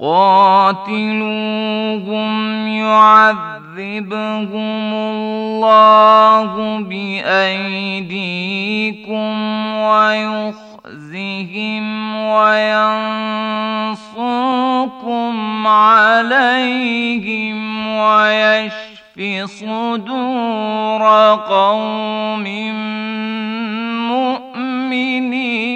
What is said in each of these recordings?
قاتلوهم يعذبهم الله بأيديكم ويخزهم وينصركم عليهم ويشف صدور قوم مؤمنين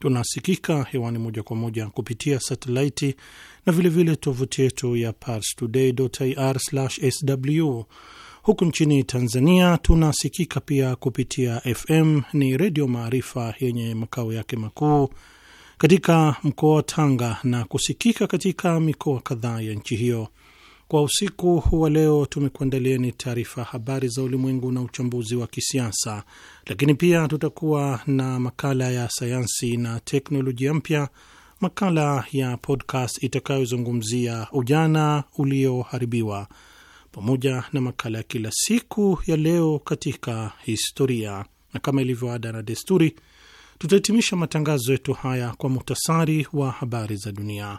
Tunasikika hewani moja kwa moja kupitia satelaiti na vilevile tovuti yetu ya parstoday.ir/sw. Huku nchini Tanzania tunasikika pia kupitia FM ni Redio Maarifa yenye makao yake makuu katika mkoa wa Tanga na kusikika katika mikoa kadhaa ya nchi hiyo. Kwa usiku wa leo tumekuandalieni taarifa habari za ulimwengu na uchambuzi wa kisiasa, lakini pia tutakuwa na makala ya sayansi na teknolojia mpya, makala ya podcast itakayozungumzia ujana ulioharibiwa, pamoja na makala ya kila siku ya leo katika historia, na kama ilivyo ada na desturi tutahitimisha matangazo yetu haya kwa muhtasari wa habari za dunia.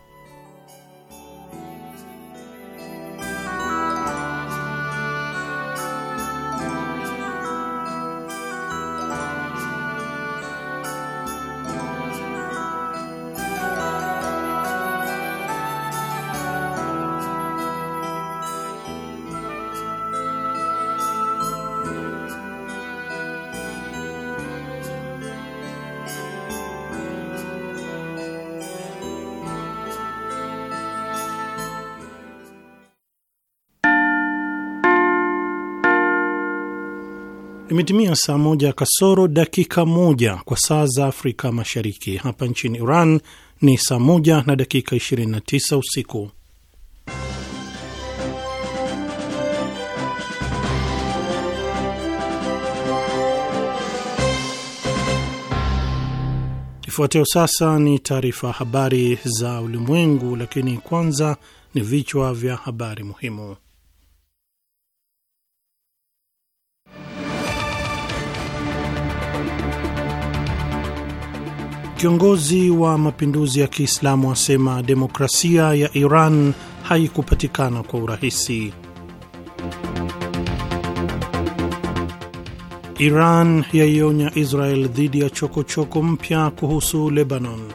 Imetimia saa moja kasoro dakika moja kwa saa za Afrika Mashariki. Hapa nchini Iran ni saa moja na dakika 29 usiku. Ifuatayo sasa ni taarifa habari za ulimwengu, lakini kwanza ni vichwa vya habari muhimu. Kiongozi wa mapinduzi ya Kiislamu asema demokrasia ya Iran haikupatikana kwa urahisi. Iran yaionya Israel dhidi ya chokochoko mpya kuhusu Lebanon.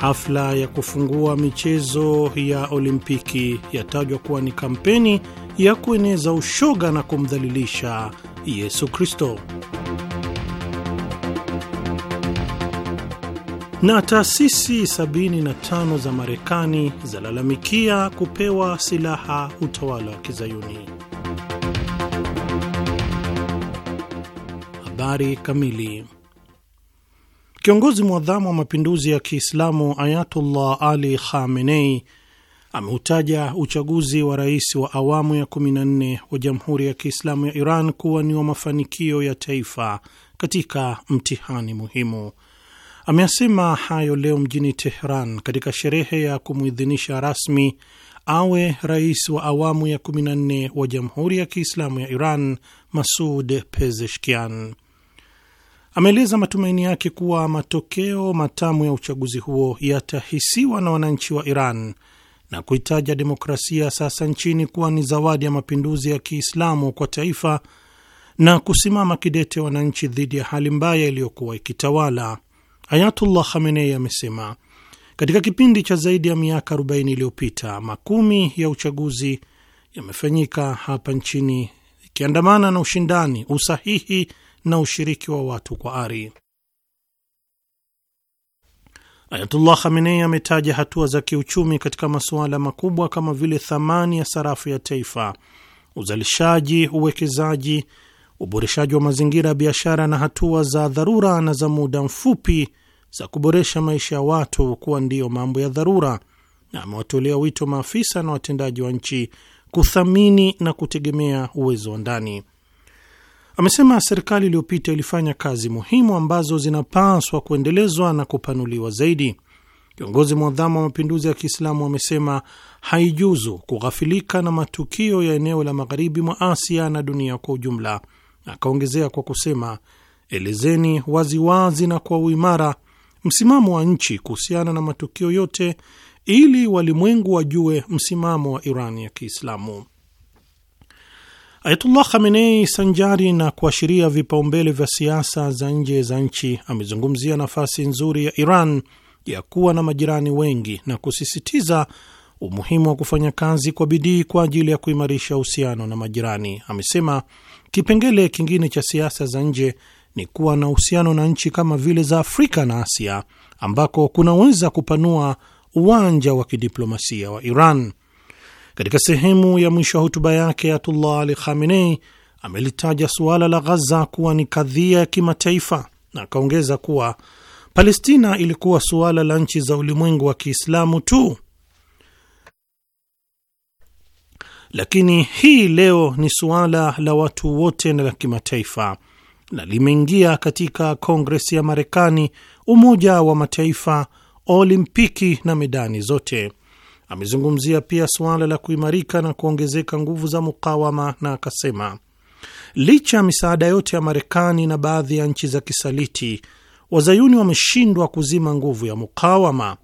Hafla ya kufungua michezo ya Olimpiki yatajwa kuwa ni kampeni ya kueneza ushoga na kumdhalilisha Yesu Kristo. na taasisi 75 za Marekani zalalamikia kupewa silaha utawala wa Kizayuni. Habari kamili. Kiongozi mwadhamu wa mapinduzi ya Kiislamu Ayatullah Ali Khamenei ameutaja uchaguzi wa rais wa awamu ya 14 wa Jamhuri ya Kiislamu ya Iran kuwa ni wa mafanikio ya taifa katika mtihani muhimu. Ameyasema hayo leo mjini Tehran katika sherehe ya kumwidhinisha rasmi awe rais wa awamu ya 14 wa Jamhuri ya Kiislamu ya Iran Masud Pezeshkian. Ameeleza matumaini yake kuwa matokeo matamu ya uchaguzi huo yatahisiwa na wananchi wa Iran na kuitaja demokrasia sasa nchini kuwa ni zawadi ya mapinduzi ya Kiislamu kwa taifa na kusimama kidete wananchi dhidi ya hali mbaya iliyokuwa ikitawala. Ayatullah Khamenei amesema katika kipindi cha zaidi ya miaka 40 iliyopita makumi ya uchaguzi yamefanyika hapa nchini ikiandamana na ushindani, usahihi na ushiriki wa watu kwa ari. Ayatullah Khamenei ametaja hatua za kiuchumi katika masuala makubwa kama vile thamani ya sarafu ya taifa, uzalishaji, uwekezaji uboreshaji wa mazingira ya biashara na hatua za dharura na za muda mfupi za kuboresha maisha ya watu kuwa ndiyo mambo ya dharura, na amewatolea wito maafisa na watendaji wa nchi kuthamini na kutegemea uwezo wa ndani. Amesema serikali iliyopita ilifanya kazi muhimu ambazo zinapaswa kuendelezwa na kupanuliwa zaidi. Kiongozi mwadhamu wa mapinduzi ya Kiislamu amesema haijuzu kughafilika na matukio ya eneo la magharibi mwa Asia na dunia kwa ujumla, Akaongezea kwa kusema, elezeni waziwazi na kwa uimara msimamo wa nchi kuhusiana na matukio yote ili walimwengu wajue msimamo wa Iran ya Kiislamu. Ayatullah Khamenei, sanjari na kuashiria vipaumbele vya siasa za nje za nchi, amezungumzia nafasi nzuri ya Iran ya kuwa na majirani wengi na kusisitiza umuhimu wa kufanya kazi kwa bidii kwa ajili ya kuimarisha uhusiano na majirani. Amesema Kipengele kingine cha siasa za nje ni kuwa na uhusiano na nchi kama vile za Afrika na Asia ambako kunaweza kupanua uwanja wa kidiplomasia wa Iran. Katika sehemu ya mwisho ya hotuba yake, Ayatullah Ali Khamenei amelitaja suala la Ghaza kuwa ni kadhia ya kimataifa na akaongeza kuwa Palestina ilikuwa suala la nchi za ulimwengu wa Kiislamu tu lakini hii leo ni suala la watu wote na la kimataifa na limeingia katika Kongresi ya Marekani, Umoja wa Mataifa, Olimpiki na medani zote. Amezungumzia pia suala la kuimarika na kuongezeka nguvu za mukawama, na akasema licha ya misaada yote ya Marekani na baadhi ya nchi za kisaliti, wazayuni wameshindwa kuzima nguvu ya mukawama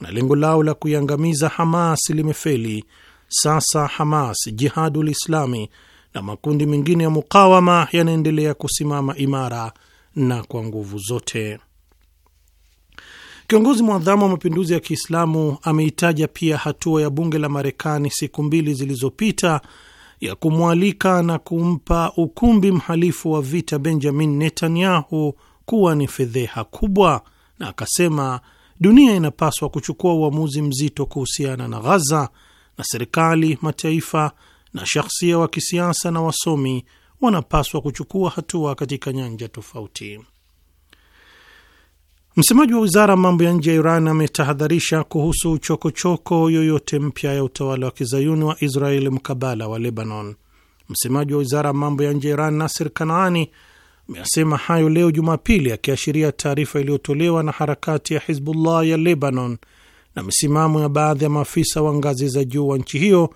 na lengo lao la kuiangamiza Hamas limefeli sasa Hamas, Jihadul Islami na makundi mengine ya mukawama yanaendelea kusimama imara na kwa nguvu zote. Kiongozi mwadhamu wa mapinduzi ya Kiislamu ameitaja pia hatua ya bunge la Marekani siku mbili zilizopita ya kumwalika na kumpa ukumbi mhalifu wa vita Benjamin Netanyahu kuwa ni fedheha kubwa, na akasema dunia inapaswa kuchukua uamuzi mzito kuhusiana na Ghaza na serikali, mataifa na shahsia wa kisiasa na wasomi wanapaswa kuchukua hatua katika nyanja tofauti. Msemaji wa wizara ya mambo ya nje ya Iran ametahadharisha kuhusu chokochoko choko yoyote mpya ya utawala wa kizayuni wa Israeli mkabala wa Lebanon. Msemaji wa wizara ya mambo ya nje ya Iran Nasir Kanaani ameyasema hayo leo Jumapili, akiashiria taarifa iliyotolewa na harakati ya Hizbullah ya Lebanon na misimamo ya baadhi ya maafisa wa ngazi za juu wa nchi hiyo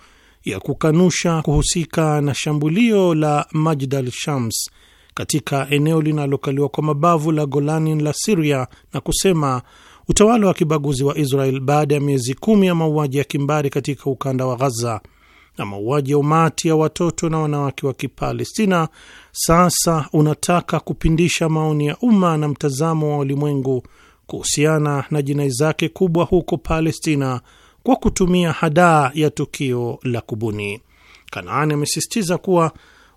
ya kukanusha kuhusika na shambulio la Majdal Shams katika eneo linalokaliwa kwa mabavu la Golanin la Siria na kusema utawala wa kibaguzi wa Israel baada ya miezi kumi ya mauaji ya kimbari katika ukanda wa Ghaza na mauaji ya umati ya watoto na wanawake wa Kipalestina sasa unataka kupindisha maoni ya umma na mtazamo wa ulimwengu kuhusiana na jinai zake kubwa huko Palestina kwa kutumia hadaa ya tukio la kubuni. Kanaani amesisitiza kuwa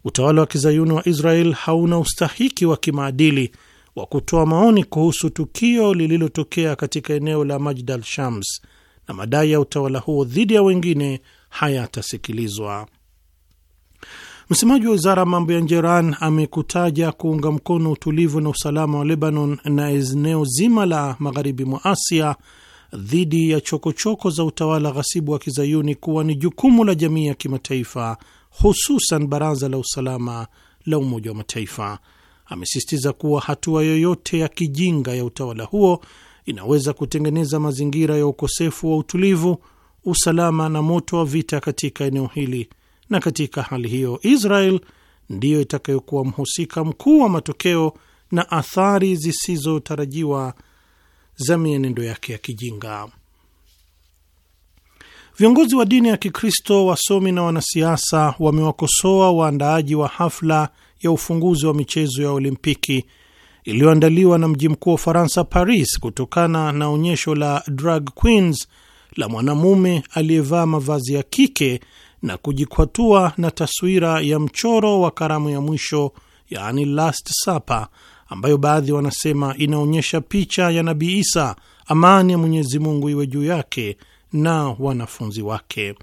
utawala wa kizayuni wa Israel hauna ustahiki wa kimaadili wa kutoa maoni kuhusu tukio lililotokea katika eneo la Majdal Shams na madai ya utawala huo dhidi ya wengine hayatasikilizwa. Msemaji wa wizara ya mambo ya nje Iran amekutaja kuunga mkono utulivu na usalama wa Lebanon na eneo zima la magharibi mwa Asia dhidi ya chokochoko choko za utawala ghasibu wa kizayuni kuwa ni jukumu la jamii ya kimataifa, hususan Baraza la Usalama la Umoja wa Mataifa. Amesisitiza kuwa hatua yoyote ya kijinga ya utawala huo inaweza kutengeneza mazingira ya ukosefu wa utulivu, usalama na moto wa vita katika eneo hili na katika hali hiyo Israel ndiyo itakayokuwa mhusika mkuu wa matokeo na athari zisizotarajiwa za mienendo yake ya kijinga. Viongozi wa dini ya Kikristo, wasomi na wanasiasa wamewakosoa waandaaji wa hafla ya ufunguzi wa michezo ya Olimpiki iliyoandaliwa na mji mkuu wa Ufaransa, Paris, kutokana na onyesho la drag queens la mwanamume aliyevaa mavazi ya kike na kujikwatua na taswira ya mchoro wa karamu ya mwisho, yaani Last Supper, ambayo baadhi wanasema inaonyesha picha ya Nabii Isa, amani ya Mwenyezi Mungu iwe juu yake, na wanafunzi wake.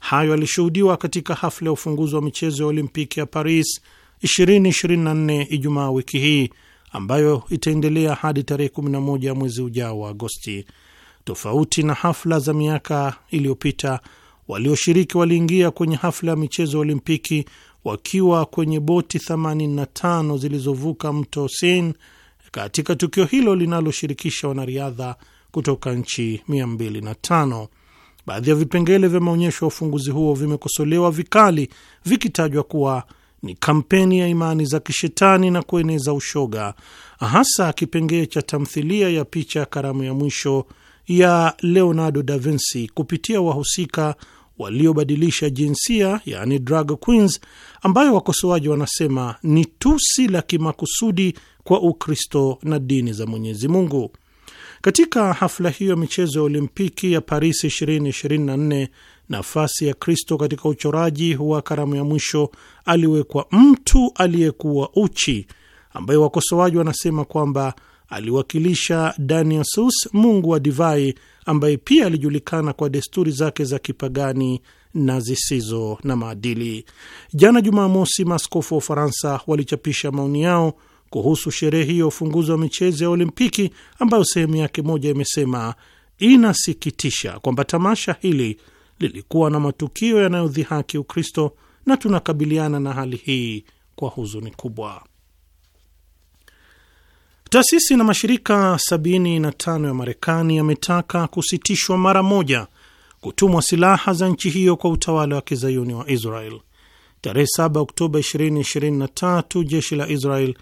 Hayo yalishuhudiwa katika hafla ya ufunguzi wa michezo ya Olimpiki ya Paris 2024 Ijumaa wiki hii ambayo itaendelea hadi tarehe 11 mwezi ujao wa Agosti. Tofauti na hafla za miaka iliyopita, Walioshiriki waliingia kwenye hafla ya michezo ya Olimpiki wakiwa kwenye boti 85 zilizovuka mto sen katika tukio hilo linaloshirikisha wanariadha kutoka nchi 205. Baadhi ya vipengele vya maonyesho ya ufunguzi huo vimekosolewa vikali, vikitajwa kuwa ni kampeni ya imani za kishetani na kueneza ushoga, hasa kipengee cha tamthilia ya picha ya karamu ya mwisho ya Leonardo da Vinci kupitia wahusika waliobadilisha jinsia, yani drag queens, ambayo wakosoaji wanasema ni tusi la kimakusudi kwa Ukristo na dini za Mwenyezi Mungu. Katika hafla hiyo michezo ya Olimpiki ya Paris 2024 nafasi ya Kristo katika uchoraji wa karamu ya mwisho aliwekwa mtu aliyekuwa uchi, ambayo wakosoaji wanasema kwamba aliwakilisha Dionysus, mungu wa divai, ambaye pia alijulikana kwa desturi zake za kipagani na zisizo na maadili. Jana Jumamosi, maaskofu wa Ufaransa walichapisha maoni yao kuhusu sherehe hiyo ya ufunguzi wa michezo ya Olimpiki, ambayo sehemu yake moja imesema inasikitisha kwamba tamasha hili lilikuwa na matukio yanayodhihaki Ukristo na tunakabiliana na hali hii kwa huzuni kubwa. Taasisi na mashirika 75 ya Marekani yametaka kusitishwa mara moja kutumwa silaha za nchi hiyo kwa utawala wa kizayuni wa Israel. Tarehe 7 Oktoba 2023 jeshi la Israel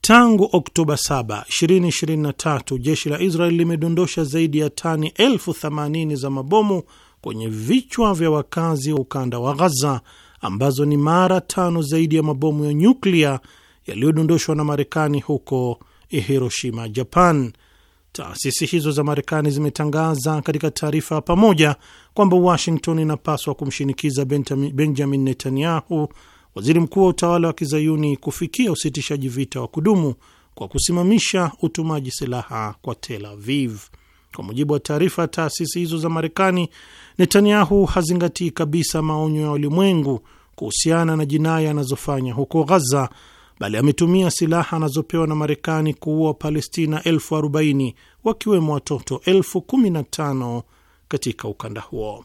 Tangu Oktoba 7, 2023 jeshi la Israel limedondosha zaidi ya tani elfu themanini za mabomu kwenye vichwa vya wakazi wa ukanda wa Ghaza, ambazo ni mara tano zaidi ya mabomu ya nyuklia yaliyodondoshwa na Marekani huko Hiroshima, Japan. Taasisi hizo za Marekani zimetangaza katika taarifa ya pamoja kwamba Washington inapaswa kumshinikiza Benjamin Netanyahu, waziri mkuu wa utawala wa kizayuni, kufikia usitishaji vita wa kudumu kwa kusimamisha utumaji silaha kwa Tel Aviv. Kwa mujibu wa taarifa ya taasisi hizo za Marekani, Netanyahu hazingatii kabisa maonyo ya ulimwengu kuhusiana na jinai anazofanya huko Ghaza bali ametumia silaha anazopewa na Marekani kuua Wapalestina elfu arobaini wakiwemo watoto elfu kumi na tano katika ukanda huo.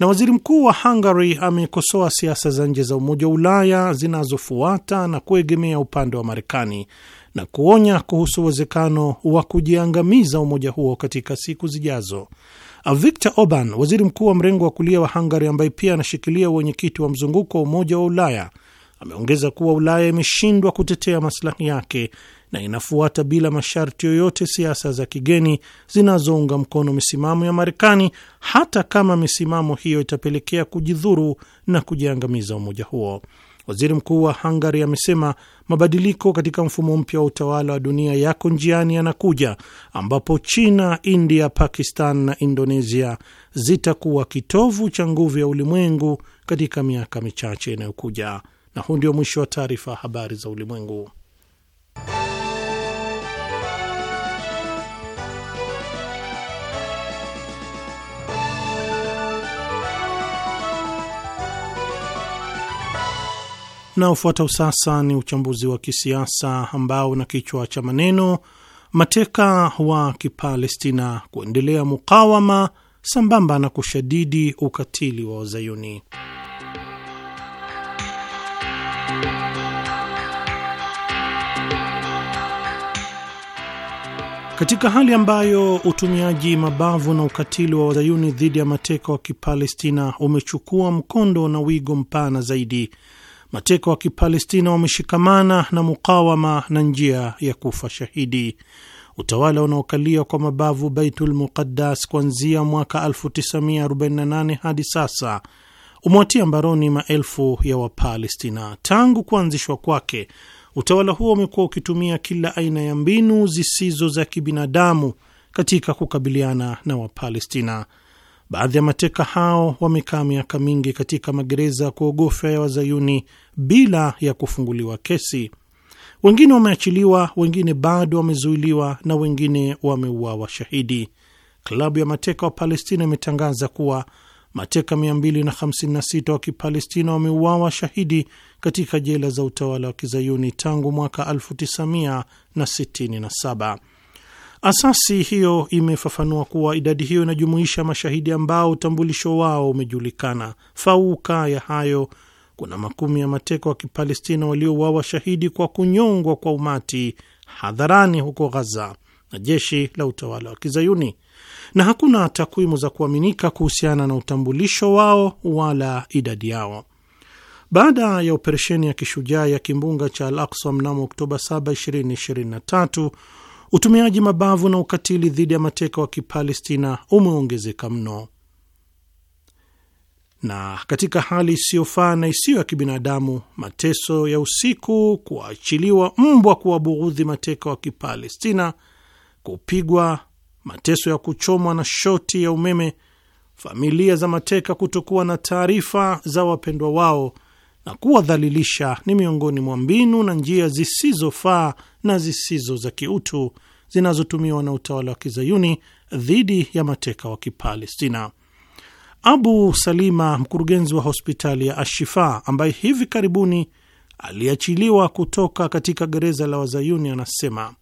Na waziri mkuu wa Hungary amekosoa siasa za nje za Umoja wa Ulaya zinazofuata na kuegemea upande wa Marekani na kuonya kuhusu uwezekano wa kujiangamiza umoja huo katika siku zijazo. Viktor Orban, waziri mkuu wa mrengo wa kulia wa Hungary ambaye pia anashikilia uwenyekiti wa mzunguko wa Umoja wa Ulaya, Ameongeza kuwa Ulaya imeshindwa kutetea maslahi yake na inafuata bila masharti yoyote siasa za kigeni zinazounga mkono misimamo ya Marekani, hata kama misimamo hiyo itapelekea kujidhuru na kujiangamiza umoja huo. Waziri mkuu wa Hungary amesema mabadiliko katika mfumo mpya wa utawala wa dunia yako njiani, yanakuja ambapo China, India, Pakistan na Indonesia zitakuwa kitovu cha nguvu ya ulimwengu katika miaka michache inayokuja. Na huu ndio mwisho wa taarifa ya habari za ulimwengu. Unaofuata sasa ni uchambuzi wa kisiasa ambao na kichwa cha maneno mateka wa Kipalestina kuendelea mukawama sambamba na kushadidi ukatili wa Wazayuni. Katika hali ambayo utumiaji mabavu na ukatili wa wazayuni dhidi ya mateka wa Kipalestina umechukua mkondo na wigo mpana zaidi, mateka wa Kipalestina wameshikamana na mukawama na njia ya kufa shahidi. Utawala unaokalia kwa mabavu Baitul Muqaddas kuanzia mwaka 1948 hadi sasa umewatia mbaroni maelfu ya Wapalestina. Tangu kuanzishwa kwake Utawala huo umekuwa ukitumia kila aina ya mbinu zisizo za kibinadamu katika kukabiliana na Wapalestina. Baadhi ya mateka hao wamekaa miaka mingi katika magereza ya kuogofya ya Wazayuni bila ya kufunguliwa kesi. Wengine wameachiliwa, wengine bado wamezuiliwa na wengine wameuawa shahidi. Klabu ya mateka wa Palestina imetangaza kuwa Mateka 256 wa Kipalestina wameuawa shahidi katika jela za utawala wa kizayuni tangu mwaka 1967. Asasi hiyo imefafanua kuwa idadi hiyo inajumuisha mashahidi ambao utambulisho wao umejulikana. Fauka ya hayo, kuna makumi ya mateka wa Kipalestina waliouawa shahidi kwa kunyongwa kwa umati hadharani huko Ghaza na jeshi la utawala wa kizayuni na hakuna takwimu za kuaminika kuhusiana na utambulisho wao wala idadi yao. Baada ya operesheni ya kishujaa ya kimbunga cha Al Aksa mnamo Oktoba 7, 2023, utumiaji mabavu na ukatili dhidi ya mateka wa Kipalestina umeongezeka mno na katika hali isiyofaa na isiyo ya kibinadamu, mateso ya usiku, kuachiliwa mbwa kuwabughudhi mateka wa Kipalestina, kupigwa mateso ya kuchomwa na shoti ya umeme, familia za mateka kutokuwa na taarifa za wapendwa wao na kuwadhalilisha ni miongoni mwa mbinu na njia zisizofaa na zisizo za kiutu zinazotumiwa na utawala wa kizayuni dhidi ya mateka wa Kipalestina. Abu Salima, mkurugenzi wa hospitali ya Ashifa ambaye hivi karibuni aliachiliwa kutoka katika gereza la Wazayuni, anasema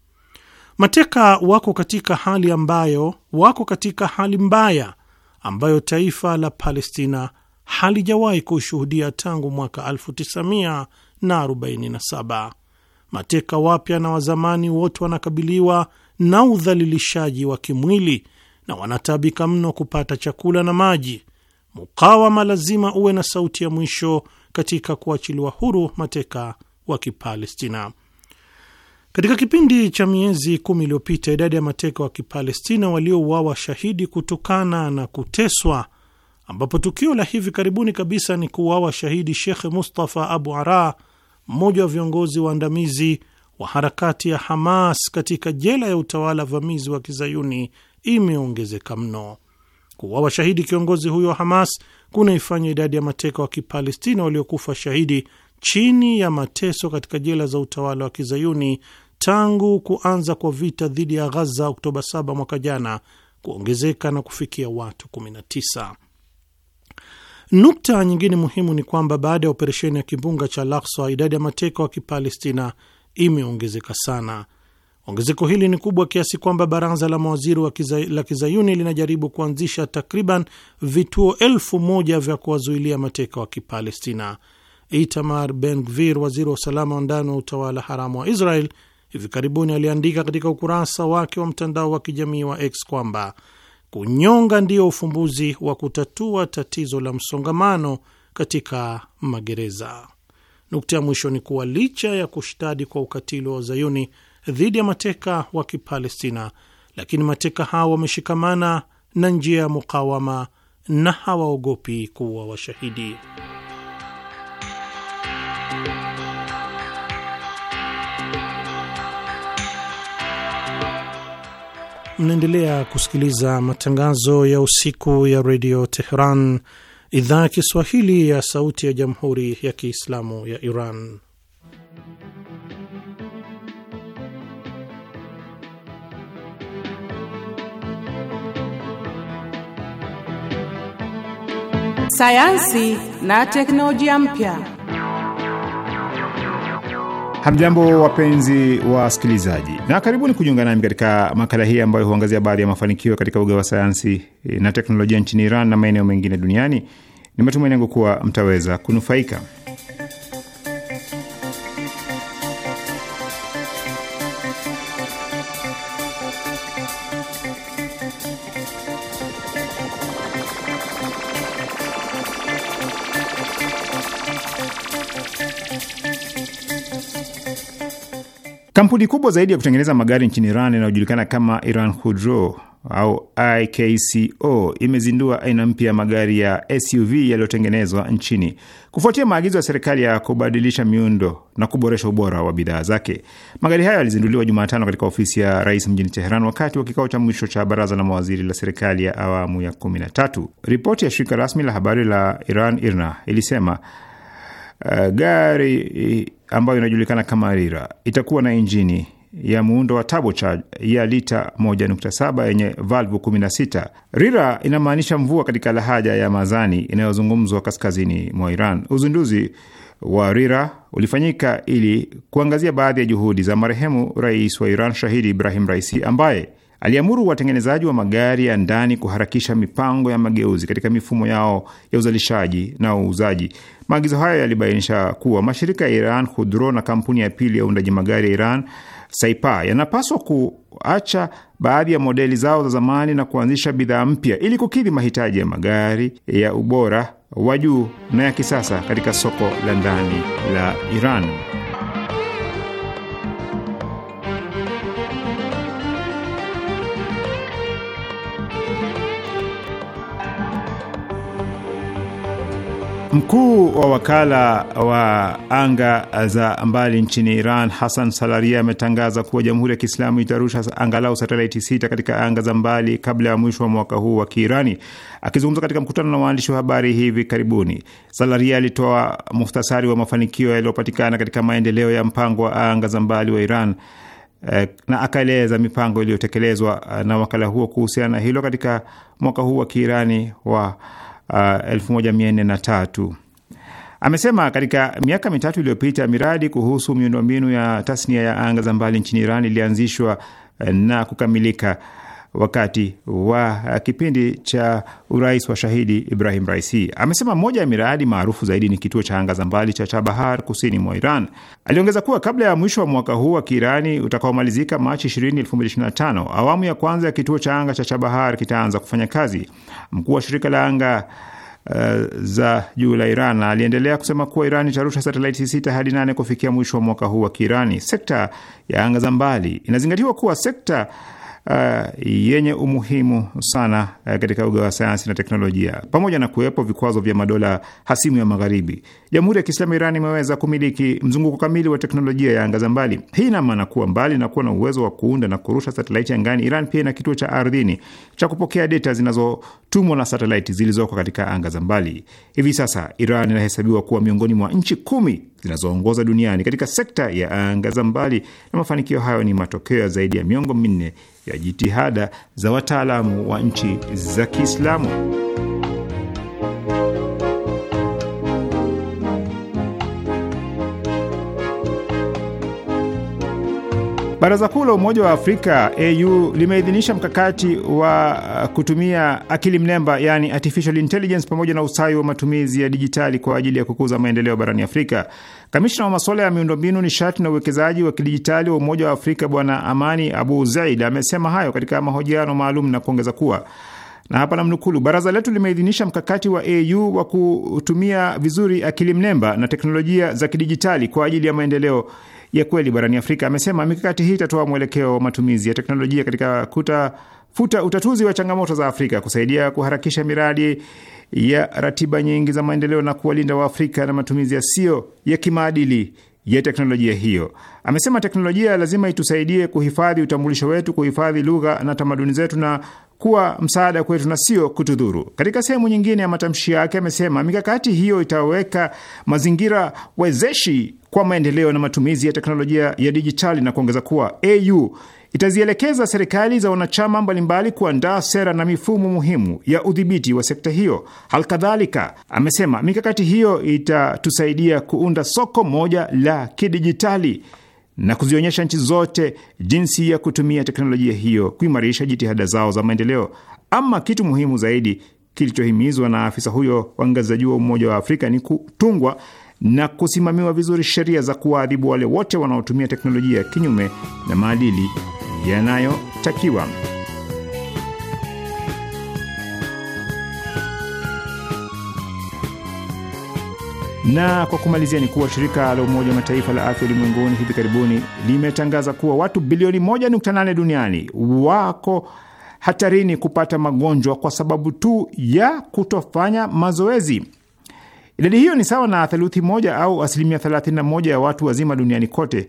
Mateka wako katika hali ambayo wako katika hali mbaya ambayo taifa la Palestina halijawahi kushuhudia tangu mwaka 1947. Mateka wapya na wazamani wote wanakabiliwa na udhalilishaji wa kimwili na wanatabika mno kupata chakula na maji. Mukawama lazima uwe na sauti ya mwisho katika kuachiliwa huru mateka wa Kipalestina. Katika kipindi cha miezi kumi iliyopita idadi ya mateka wa Kipalestina waliouawa shahidi kutokana na kuteswa, ambapo tukio la hivi karibuni kabisa ni kuuawa shahidi Shekh Mustafa Abu Ara, mmoja wa viongozi waandamizi wa harakati ya Hamas katika jela ya utawala vamizi wa kizayuni imeongezeka mno. Kuuawa shahidi kiongozi huyo wa Hamas kunaifanya idadi ya mateka wa Kipalestina waliokufa shahidi chini ya mateso katika jela za utawala wa kizayuni tangu kuanza kwa vita dhidi ya Ghaza Oktoba 7 mwaka jana kuongezeka na kufikia watu 19. Nukta nyingine muhimu ni kwamba baada ya operesheni ya kimbunga cha Al-Aqsa, idadi ya mateka wa Kipalestina imeongezeka sana. Ongezeko hili ni kubwa kiasi kwamba baraza la mawaziri wa kiza, la kizayuni linajaribu kuanzisha takriban vituo elfu moja vya kuwazuilia mateka wa Kipalestina. Itamar Ben Gvir, waziri wa usalama wa ndani wa utawala haramu wa Israel, hivi karibuni aliandika katika ukurasa wake wa mtandao wa kijamii wa X kwamba kunyonga ndiyo ufumbuzi wa kutatua tatizo la msongamano katika magereza. Nukta ya mwisho ni kuwa licha ya kushtadi kwa ukatili wa zayuni dhidi ya mateka wa Kipalestina, lakini mateka hawo wameshikamana na njia ya mukawama na hawaogopi kuwa washahidi. Mnaendelea kusikiliza matangazo ya usiku ya redio Teheran, idhaa ya Kiswahili ya sauti ya jamhuri ya Kiislamu ya Iran. Sayansi na teknolojia mpya. Hamjambo, wapenzi wa wasikilizaji, na karibuni kujiunga nami katika makala hii ambayo huangazia baadhi ya mafanikio katika uga wa sayansi eh, na teknolojia nchini Iran na maeneo mengine duniani. Ni matumaini yangu kuwa mtaweza kunufaika. Kampuni kubwa zaidi ya kutengeneza magari nchini Iran inayojulikana kama Iran Khodro au IKCO imezindua aina mpya ya magari ya SUV yaliyotengenezwa nchini kufuatia maagizo ya serikali ya kubadilisha miundo na kuboresha ubora wa bidhaa zake. Magari hayo yalizinduliwa Jumatano katika ofisi ya rais mjini Teheran wakati wa kikao cha mwisho cha baraza la mawaziri la serikali ya awamu ya kumi na tatu. Ripoti ya shirika rasmi la habari la Iran IRNA ilisema Eh, gari ambayo inajulikana kama Rira itakuwa na injini ya muundo wa turbocharge ya lita 1.7 yenye valvu 16. Rira inamaanisha mvua katika lahaja ya Mazani inayozungumzwa kaskazini mwa Iran. Uzinduzi wa Rira ulifanyika ili kuangazia baadhi ya juhudi za marehemu rais wa Iran shahidi Ibrahim Raisi ambaye aliamuru watengenezaji wa magari ya ndani kuharakisha mipango ya mageuzi katika mifumo yao ya uzalishaji na uuzaji. Maagizo hayo yalibainisha kuwa mashirika ya Iran hudro na kampuni ya pili ya uundaji magari ya Iran Saipa yanapaswa kuacha baadhi ya modeli zao za zamani na kuanzisha bidhaa mpya ili kukidhi mahitaji ya magari ya ubora wa juu na ya kisasa katika soko la ndani la Iran. Mkuu wa wakala wa anga za mbali nchini Iran, Hassan Salaria, ametangaza kuwa Jamhuri ya Kiislamu itarusha angalau satelaiti sita katika anga za mbali kabla ya mwisho wa mwaka huu wa Kiirani. Akizungumza katika mkutano na waandishi wa habari hivi karibuni, Salaria alitoa muhtasari wa mafanikio yaliyopatikana katika maendeleo ya mpango wa anga za mbali wa Iran eh, na akaeleza mipango iliyotekelezwa eh, na wakala huo kuhusiana na hilo katika mwaka huu wa Kiirani wa 1403. Uh, Amesema katika miaka mitatu iliyopita miradi kuhusu miundombinu ya tasnia ya anga za mbali nchini Iran ilianzishwa eh, na kukamilika wakati wa kipindi cha urais wa shahidi Ibrahim Raisi. Amesema moja ya miradi maarufu zaidi ni kituo cha anga za mbali cha Chabahar kusini mwa Iran. Aliongeza kuwa kabla ya mwisho wa mwaka huu wa Kiirani utakaomalizika Machi 20, 2025 awamu ya kwanza ya kituo cha anga cha Chabahar kitaanza kufanya kazi. Mkuu wa shirika la anga Uh, za juu la Iran aliendelea kusema kuwa Iran itarusha satelaiti sita hadi nane kufikia mwisho wa mwaka huu wa Kiirani. Sekta ya anga za mbali inazingatiwa kuwa sekta uh, yenye umuhimu sana uh, katika uga wa sayansi na teknolojia. Pamoja na kuwepo vikwazo vya madola hasimu ya Magharibi, Jamhuri ya Kiislamu Iran imeweza kumiliki mzunguko kamili wa teknolojia ya anga za mbali. Hii ina maana kuwa mbali na kuwa na uwezo wa kuunda na kurusha satelaiti angani, Iran pia ina kituo cha ardhini cha kupokea data zinazotumwa na satelaiti zilizoko katika anga za mbali. Hivi sasa Iran inahesabiwa kuwa miongoni mwa nchi kumi zinazoongoza duniani katika sekta ya anga za mbali, na mafanikio hayo ni matokeo ya zaidi ya miongo minne ya jitihada za wataalamu wa nchi za Kiislamu. Baraza Kuu la Umoja wa Afrika AU limeidhinisha mkakati wa uh, kutumia akili mnemba, yani artificial intelligence, pamoja na ustawi wa matumizi ya dijitali kwa ajili ya kukuza maendeleo barani Afrika. Kamishna wa masuala ya miundombinu, nishati na uwekezaji wa kidijitali wa Umoja wa Afrika Bwana Amani Abu Zaid amesema hayo katika mahojiano maalum na kuongeza kuwa na hapa namnukulu, baraza letu limeidhinisha mkakati wa AU wa kutumia vizuri akili mnemba na teknolojia za kidijitali kwa ajili ya maendeleo ya kweli barani Afrika. Amesema mikakati hii itatoa mwelekeo wa matumizi ya teknolojia katika kutafuta utatuzi wa changamoto za Afrika, kusaidia kuharakisha miradi ya ratiba nyingi za maendeleo na kuwalinda Waafrika na matumizi yasiyo ya kimaadili ya teknolojia hiyo. Amesema teknolojia lazima itusaidie kuhifadhi utambulisho wetu, kuhifadhi lugha na tamaduni zetu na kuwa msaada kwetu na sio kutudhuru. Katika sehemu nyingine ya matamshi yake amesema mikakati hiyo itaweka mazingira wezeshi kwa maendeleo na matumizi ya teknolojia ya dijitali na kuongeza kuwa AU itazielekeza serikali za wanachama mbalimbali kuandaa sera na mifumo muhimu ya udhibiti wa sekta hiyo. Halikadhalika, amesema mikakati hiyo itatusaidia kuunda soko moja la kidijitali na kuzionyesha nchi zote jinsi ya kutumia teknolojia hiyo kuimarisha jitihada zao za maendeleo. Ama kitu muhimu zaidi kilichohimizwa na afisa huyo wa ngazi za juu wa Umoja wa Afrika ni kutungwa na kusimamiwa vizuri sheria za kuwaadhibu wale wote wanaotumia teknolojia kinyume na maadili yanayotakiwa. Na kwa kumalizia ni kuwa shirika la Umoja wa Mataifa la afya ulimwenguni hivi karibuni limetangaza kuwa watu bilioni 1.8 duniani wako hatarini kupata magonjwa kwa sababu tu ya kutofanya mazoezi. Idadi hiyo ni sawa na theluthi moja au asilimia 31 ya watu wazima duniani kote,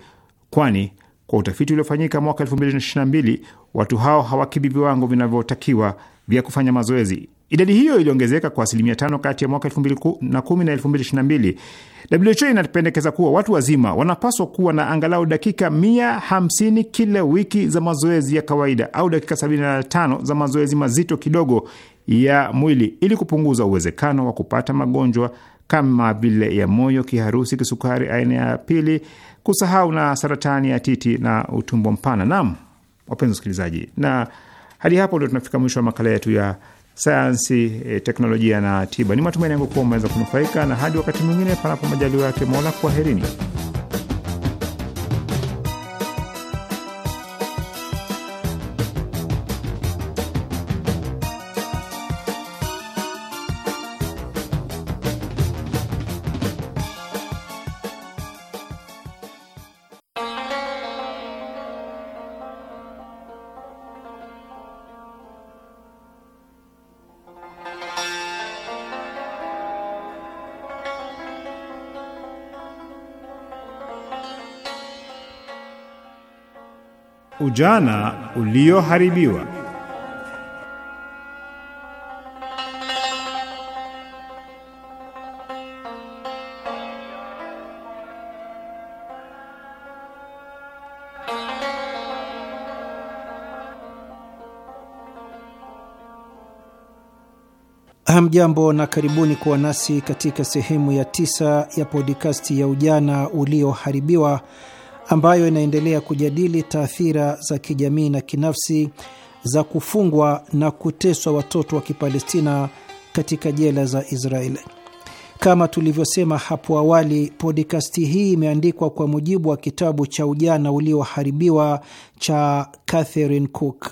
kwani kwa utafiti uliofanyika mwaka 2022 watu hao hawakidhi viwango vinavyotakiwa vya kufanya mazoezi. Idadi hiyo iliongezeka kwa asilimia tano kati ya mwaka mbili na mbili. WHO inapendekeza kuwa watu wazima wanapaswa kuwa na angalau dakika 150 kila wiki za mazoezi ya kawaida au dakika 75 za mazoezi mazito kidogo ya mwili ili kupunguza uwezekano wa kupata magonjwa kama vile ya moyo, kiharusi, kisukari aina ya pili, kusahau na saratani ya titi na utumbo mpana. Naam, wapenzi wasikilizaji, na hadi hapo ndio tunafika mwisho wa makala yetu ya sayansi, e, teknolojia na tiba. Ni matumaini yangu kuwa umeweza kunufaika, na hadi wakati mwingine, panapo majaliwa yake Mola, kwaherini. ujana ulioharibiwa. Hamjambo na karibuni kuwa nasi katika sehemu ya tisa ya podikasti ya ujana ulioharibiwa ambayo inaendelea kujadili taathira za kijamii na kinafsi za kufungwa na kuteswa watoto wa Kipalestina katika jela za Israeli. Kama tulivyosema hapo awali, podkasti hii imeandikwa kwa mujibu wa kitabu cha Ujana Ulioharibiwa cha Catherine Cook.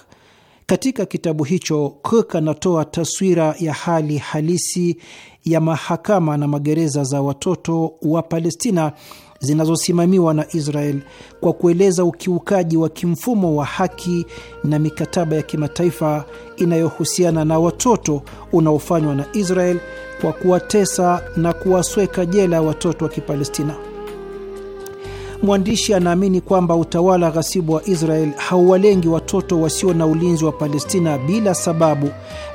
Katika kitabu hicho, Cook anatoa taswira ya hali halisi ya mahakama na magereza za watoto wa Palestina zinazosimamiwa na Israel kwa kueleza ukiukaji wa kimfumo wa haki na mikataba ya kimataifa inayohusiana na watoto unaofanywa na Israel kwa kuwatesa na kuwasweka jela watoto wa Kipalestina. Mwandishi anaamini kwamba utawala ghasibu wa Israel hauwalengi watoto wasio na ulinzi wa Palestina bila sababu,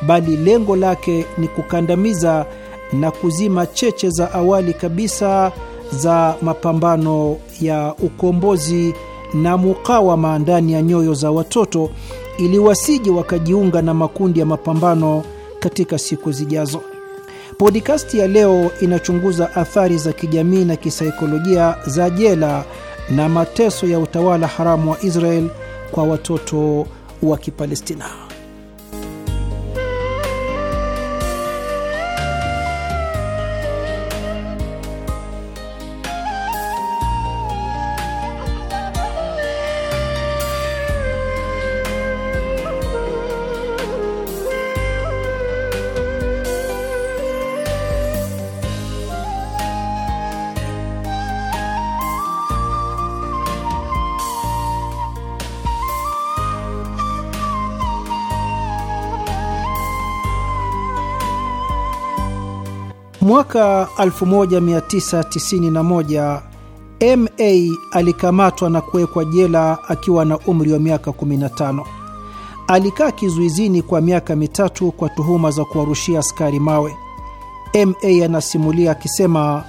bali lengo lake ni kukandamiza na kuzima cheche za awali kabisa za mapambano ya ukombozi na mukawama ndani ya nyoyo za watoto ili wasije wakajiunga na makundi ya mapambano katika siku zijazo. Podikasti ya leo inachunguza athari za kijamii na kisaikolojia za jela na mateso ya utawala haramu wa Israel kwa watoto wa Kipalestina. Mwaka 1991 Ma alikamatwa na kuwekwa jela akiwa na umri wa miaka 15. Alikaa kizuizini kwa miaka mitatu kwa tuhuma za kuwarushia askari mawe. Ma anasimulia akisema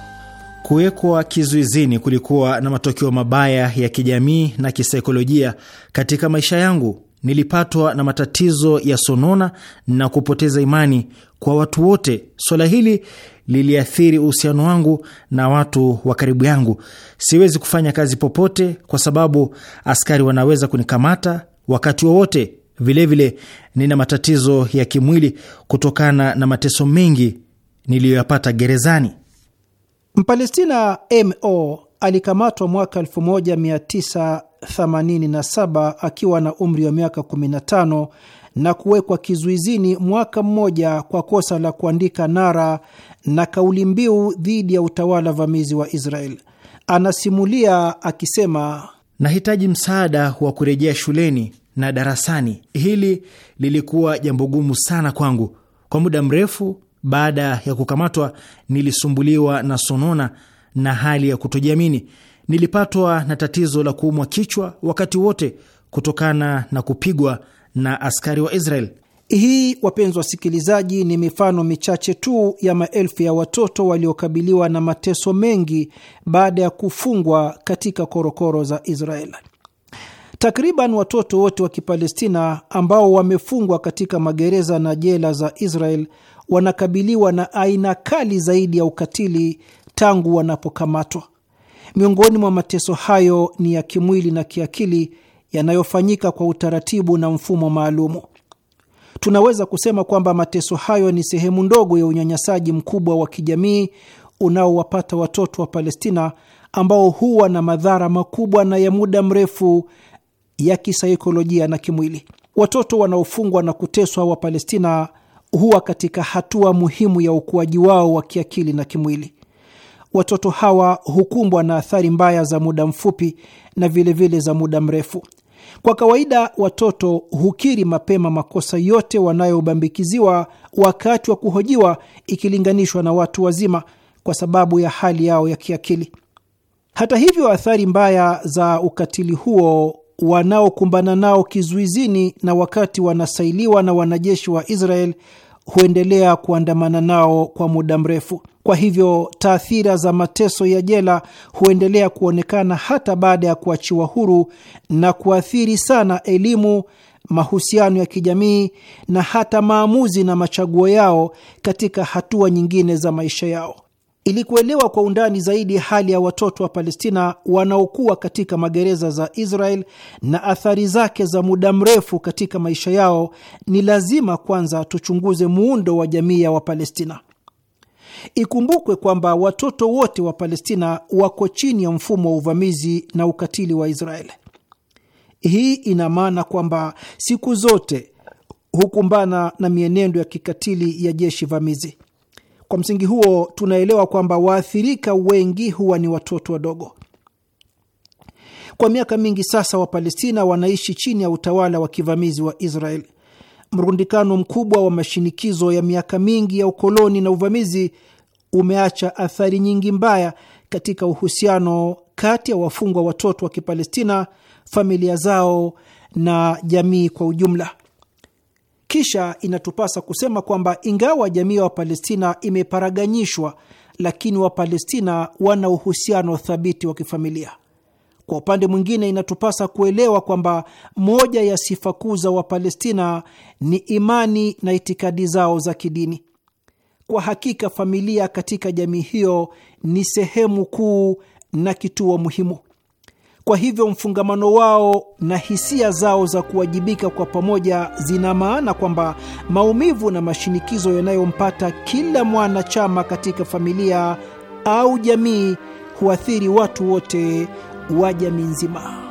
kuwekwa kizuizini kulikuwa na matokeo mabaya ya kijamii na kisaikolojia katika maisha yangu. Nilipatwa na matatizo ya sonona na kupoteza imani kwa watu wote. Swala hili liliathiri uhusiano wangu na watu wa karibu yangu. Siwezi kufanya kazi popote kwa sababu askari wanaweza kunikamata wakati wowote. Vilevile nina matatizo ya kimwili kutokana na mateso mengi niliyoyapata gerezani. Mpalestina mo alikamatwa mwaka 1987 akiwa na umri wa miaka 15 na kuwekwa kizuizini mwaka mmoja kwa kosa la kuandika nara na kauli mbiu dhidi ya utawala vamizi wa Israel. Anasimulia akisema, nahitaji msaada wa kurejea shuleni na darasani. Hili lilikuwa jambo gumu sana kwangu. Kwa muda mrefu baada ya kukamatwa, nilisumbuliwa na sonona na hali ya kutojiamini. Nilipatwa na tatizo la kuumwa kichwa wakati wote kutokana na kupigwa na askari wa Israel. Hii wapenzi wasikilizaji, ni mifano michache tu ya maelfu ya watoto waliokabiliwa na mateso mengi baada ya kufungwa katika korokoro za Israel. Takriban watoto wote wa Kipalestina ambao wamefungwa katika magereza na jela za Israel wanakabiliwa na aina kali zaidi ya ukatili tangu wanapokamatwa. Miongoni mwa mateso hayo ni ya kimwili na kiakili yanayofanyika kwa utaratibu na mfumo maalumu. Tunaweza kusema kwamba mateso hayo ni sehemu ndogo ya unyanyasaji mkubwa wa kijamii unaowapata watoto wa Palestina ambao huwa na madhara makubwa na ya muda mrefu ya kisaikolojia na kimwili. Watoto wanaofungwa na kuteswa wa Palestina huwa katika hatua muhimu ya ukuaji wao wa kiakili na kimwili. Watoto hawa hukumbwa na athari mbaya za muda mfupi na vilevile vile za muda mrefu. Kwa kawaida watoto hukiri mapema makosa yote wanayobambikiziwa wakati wa kuhojiwa ikilinganishwa na watu wazima kwa sababu ya hali yao ya kiakili. Hata hivyo, athari mbaya za ukatili huo wanaokumbana nao kizuizini na wakati wanasailiwa na wanajeshi wa Israel huendelea kuandamana nao kwa muda mrefu. Kwa hivyo taathira za mateso ya jela huendelea kuonekana hata baada ya kuachiwa huru na kuathiri sana elimu, mahusiano ya kijamii na hata maamuzi na machaguo yao katika hatua nyingine za maisha yao. Ili kuelewa kwa undani zaidi hali ya watoto wa Palestina wanaokuwa katika magereza za Israel na athari zake za muda mrefu katika maisha yao, ni lazima kwanza tuchunguze muundo wa jamii ya Wapalestina. Ikumbukwe kwamba watoto wote wa Palestina wako chini ya mfumo wa uvamizi na ukatili wa Israeli. Hii ina maana kwamba siku zote hukumbana na mienendo ya kikatili ya jeshi vamizi. Kwa msingi huo, tunaelewa kwamba waathirika wengi huwa ni watoto wadogo. Kwa miaka mingi sasa, Wapalestina wanaishi chini ya utawala wa kivamizi wa Israeli mrundikano mkubwa wa mashinikizo ya miaka mingi ya ukoloni na uvamizi umeacha athari nyingi mbaya katika uhusiano kati ya wafungwa watoto wa Kipalestina, familia zao na jamii kwa ujumla. Kisha inatupasa kusema kwamba ingawa jamii ya Wapalestina imeparaganyishwa, lakini Wapalestina wana uhusiano thabiti wa kifamilia. Kwa upande mwingine, inatupasa kuelewa kwamba moja ya sifa kuu za Wapalestina ni imani na itikadi zao za kidini. Kwa hakika familia katika jamii hiyo ni sehemu kuu na kituo muhimu. Kwa hivyo mfungamano wao na hisia zao za kuwajibika kwa pamoja zina maana kwamba maumivu na mashinikizo yanayompata kila mwanachama katika familia au jamii huathiri watu wote wa jamii nzima.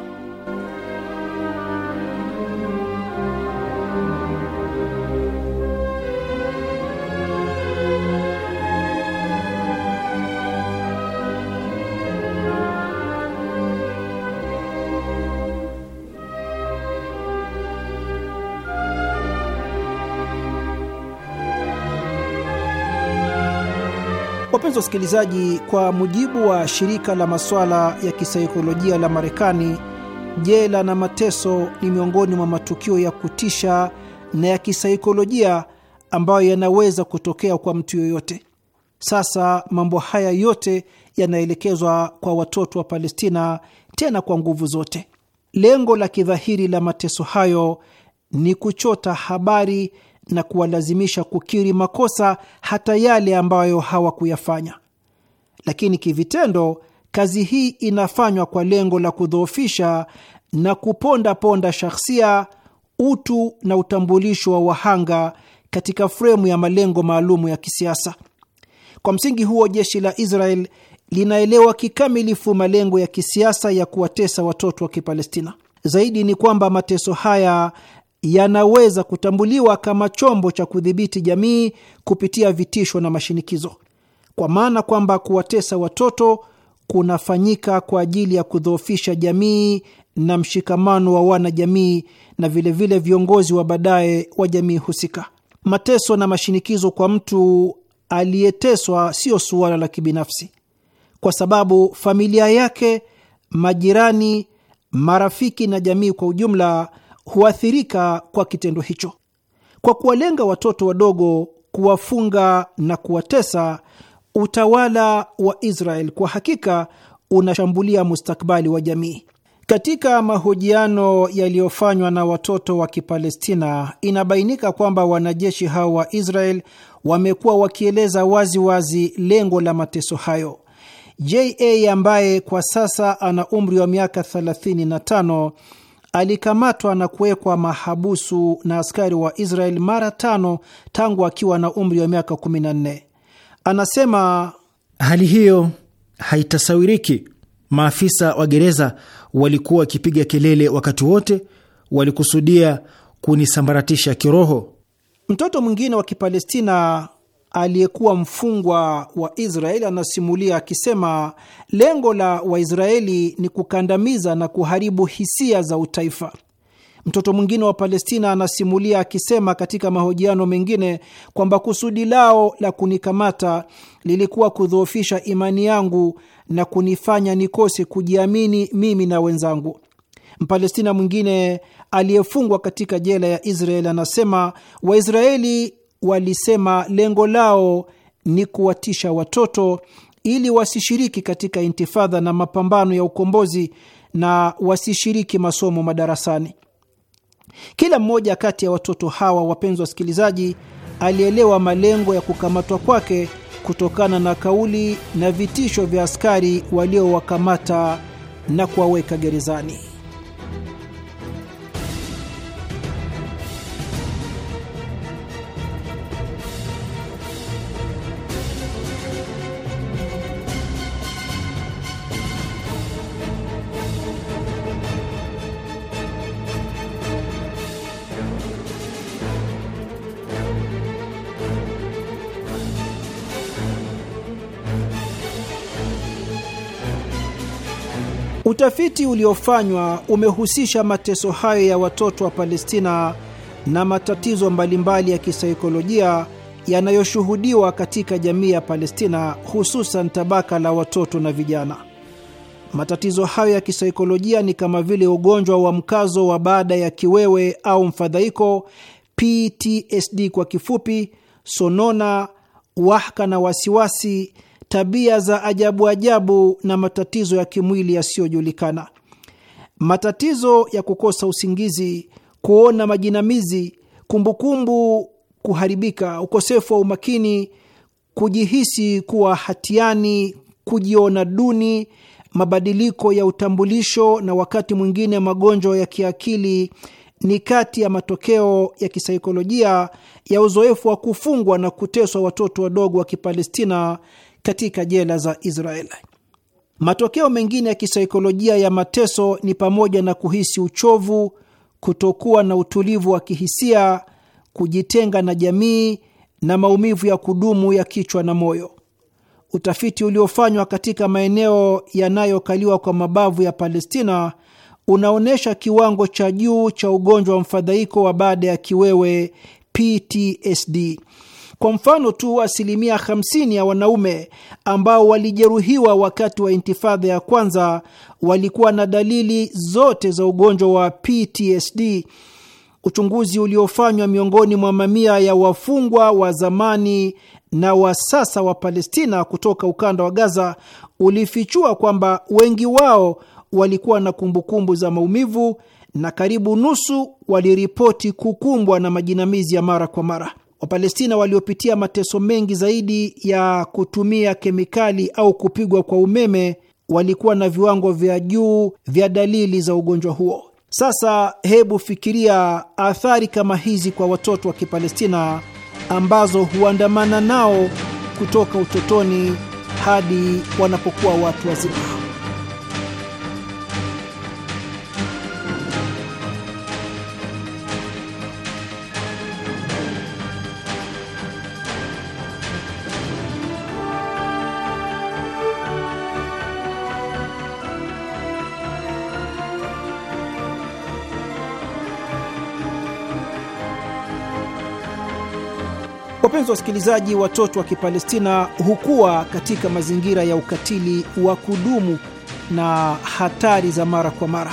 Wapenzi wasikilizaji, kwa mujibu wa shirika la masuala ya kisaikolojia la Marekani, jela na mateso ni miongoni mwa matukio ya kutisha na ya kisaikolojia ambayo yanaweza kutokea kwa mtu yoyote. Sasa mambo haya yote yanaelekezwa kwa watoto wa Palestina, tena kwa nguvu zote. Lengo la kidhahiri la mateso hayo ni kuchota habari na kuwalazimisha kukiri makosa hata yale ambayo hawakuyafanya. Lakini kivitendo, kazi hii inafanywa kwa lengo la kudhoofisha na kuponda ponda shahsia, utu na utambulisho wa wahanga katika fremu ya malengo maalumu ya kisiasa. Kwa msingi huo, jeshi la Israel linaelewa kikamilifu malengo ya kisiasa ya kuwatesa watoto wa Kipalestina. Zaidi ni kwamba mateso haya yanaweza kutambuliwa kama chombo cha kudhibiti jamii kupitia vitisho na mashinikizo, kwa maana kwamba kuwatesa watoto kunafanyika kwa ajili ya kudhoofisha jamii na mshikamano wa wanajamii na vilevile vile viongozi wa baadaye wa jamii husika. Mateso na mashinikizo kwa mtu aliyeteswa siyo suala la kibinafsi, kwa sababu familia yake, majirani, marafiki na jamii kwa ujumla huathirika kwa kitendo hicho. Kwa kuwalenga watoto wadogo, kuwafunga na kuwatesa, utawala wa Israel kwa hakika unashambulia mustakbali wa jamii. Katika mahojiano yaliyofanywa na watoto wa Kipalestina inabainika kwamba wanajeshi hao wa Israel wamekuwa wakieleza wazi wazi lengo la mateso hayo. JA ambaye kwa sasa ana umri wa miaka 35 alikamatwa na kuwekwa mahabusu na askari wa Israel mara tano tangu akiwa na umri wa miaka 14. Anasema hali hiyo haitasawiriki. Maafisa wa gereza walikuwa wakipiga kelele wakati wote, walikusudia kunisambaratisha kiroho. Mtoto mwingine wa Kipalestina aliyekuwa mfungwa wa Israeli anasimulia akisema, lengo la Waisraeli ni kukandamiza na kuharibu hisia za utaifa. Mtoto mwingine wa Palestina anasimulia akisema katika mahojiano mengine kwamba kusudi lao la kunikamata lilikuwa kudhoofisha imani yangu na kunifanya nikose kujiamini mimi na wenzangu. Mpalestina mwingine aliyefungwa katika jela ya Israeli anasema Waisraeli walisema lengo lao ni kuwatisha watoto ili wasishiriki katika intifadha na mapambano ya ukombozi na wasishiriki masomo madarasani. Kila mmoja kati ya watoto hawa, wapenzi wasikilizaji, alielewa malengo ya kukamatwa kwake kutokana na kauli na vitisho vya askari waliowakamata na kuwaweka gerezani. Utafiti uliofanywa umehusisha mateso hayo ya watoto wa Palestina na matatizo mbalimbali ya kisaikolojia yanayoshuhudiwa katika jamii ya Palestina, hususan tabaka la watoto na vijana. Matatizo hayo ya kisaikolojia ni kama vile ugonjwa wa mkazo wa baada ya kiwewe au mfadhaiko, PTSD kwa kifupi, sonona, wahaka na wasiwasi tabia za ajabu ajabu na matatizo ya kimwili yasiyojulikana. Matatizo ya kukosa usingizi, kuona majinamizi, kumbukumbu kuharibika, ukosefu wa umakini, kujihisi kuwa hatiani, kujiona duni, mabadiliko ya utambulisho na wakati mwingine magonjwa ya kiakili ni kati ya matokeo ya kisaikolojia ya uzoefu wa kufungwa na kuteswa watoto wadogo wa Kipalestina katika jela za Israel. Matokeo mengine ya kisaikolojia ya mateso ni pamoja na kuhisi uchovu, kutokuwa na utulivu wa kihisia, kujitenga na jamii na maumivu ya kudumu ya kichwa na moyo. Utafiti uliofanywa katika maeneo yanayokaliwa kwa mabavu ya Palestina unaonyesha kiwango cha juu cha ugonjwa wa mfadhaiko wa baada ya kiwewe PTSD kwa mfano tu, asilimia 50 ya wanaume ambao walijeruhiwa wakati wa intifadha ya kwanza walikuwa na dalili zote za ugonjwa wa PTSD. Uchunguzi uliofanywa miongoni mwa mamia ya wafungwa wa zamani na wa sasa wa Palestina kutoka ukanda wa Gaza ulifichua kwamba wengi wao walikuwa na kumbukumbu za maumivu na karibu nusu waliripoti kukumbwa na majinamizi ya mara kwa mara. Wapalestina waliopitia mateso mengi zaidi ya kutumia kemikali au kupigwa kwa umeme walikuwa na viwango vya juu vya dalili za ugonjwa huo. Sasa hebu fikiria athari kama hizi kwa watoto wa Kipalestina ambazo huandamana nao kutoka utotoni hadi wanapokuwa watu wazima. Wapenzi wasikilizaji, watoto wa Kipalestina hukuwa katika mazingira ya ukatili wa kudumu na hatari za mara kwa mara.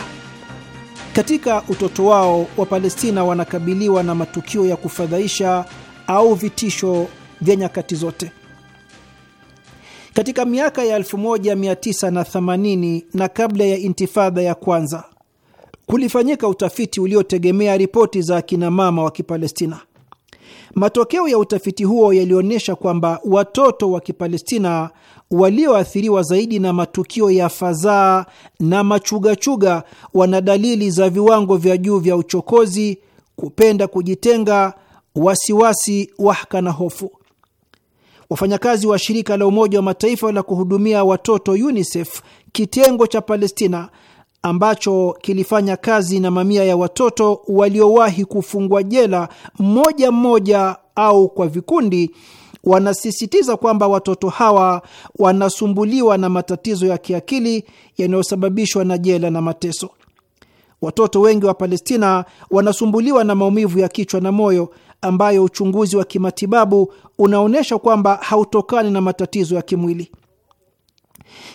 Katika utoto wao, Wapalestina wanakabiliwa na matukio ya kufadhaisha au vitisho vya nyakati zote. Katika miaka ya 1980 na kabla ya intifadha ya kwanza, kulifanyika utafiti uliotegemea ripoti za akinamama wa Kipalestina. Matokeo ya utafiti huo yalionyesha kwamba watoto wa Kipalestina walioathiriwa zaidi na matukio ya fadhaa na machugachuga wana dalili za viwango vya juu vya uchokozi, kupenda kujitenga, wasiwasi, wahaka na hofu. Wafanyakazi wa shirika la Umoja wa Mataifa la kuhudumia watoto UNICEF kitengo cha Palestina ambacho kilifanya kazi na mamia ya watoto waliowahi kufungwa jela mmoja mmoja au kwa vikundi, wanasisitiza kwamba watoto hawa wanasumbuliwa na matatizo ya kiakili yanayosababishwa na jela na mateso. Watoto wengi wa Palestina wanasumbuliwa na maumivu ya kichwa na moyo ambayo uchunguzi wa kimatibabu unaonyesha kwamba hautokani na matatizo ya kimwili.